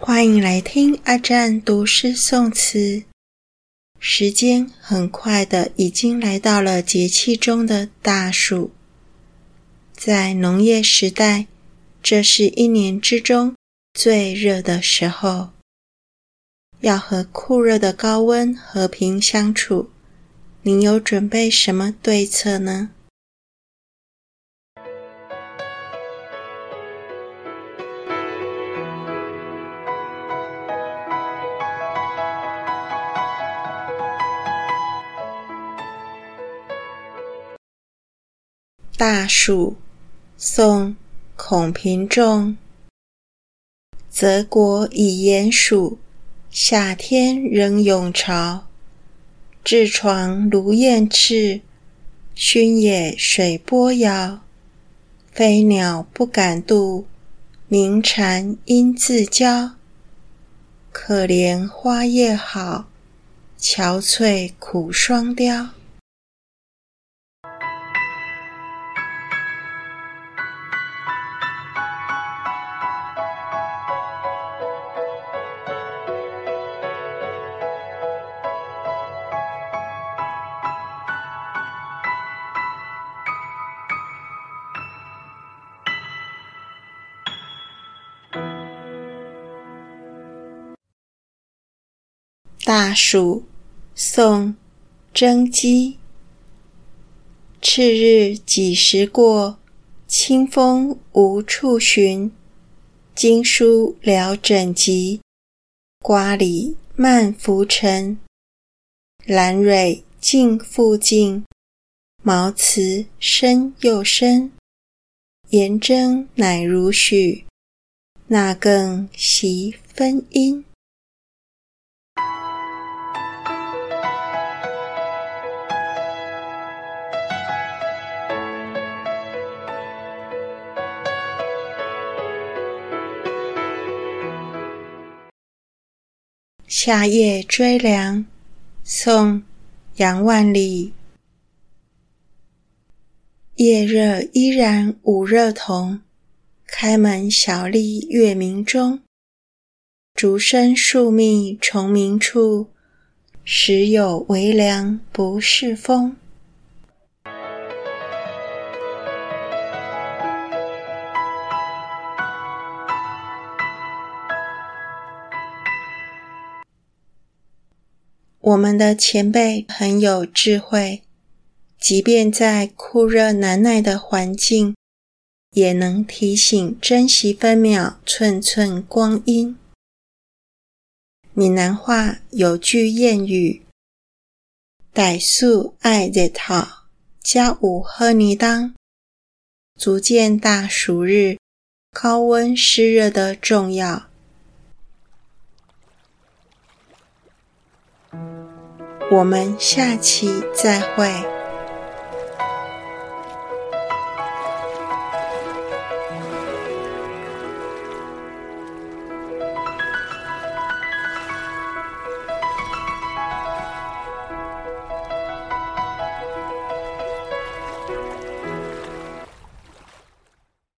歡迎來聽阿占讀詩宋詞。時間很快的，已經來到了節氣中的大暑。在農業時代，這是一年之中最熱的時候。要和酷熱的高溫和平相處。你有準備什麼對策呢？大暑，宋，孔平仲。澤國已炎暑，夏天仍永朝。炙床爐燄熾，薰野水波搖。飛鳥不敢度，鳴蟬應自焦。可憐花葉好，憔悴苦霜凋。大暑，宋·曾幾。赤日幾時過？清風無處尋。經書聊枕籍，瓜李漫浮沉。蘭若靜復靜，茅茨深又深。炎蒸乃如許，那更惜分陰。夏夜追涼，宋·楊萬里。夜熱依然午熱同，開門小立月明中。竹深樹密蟲鳴處，時有微涼不是風。我們的前輩很有智慧，即便在酷熱難耐的環境，也能提醒珍惜分秒、寸寸光陰。閩南話有句諺語：“大暑愛熱討，家午喝泥湯”，足見大暑日高溫濕熱的重要。我們下期再會。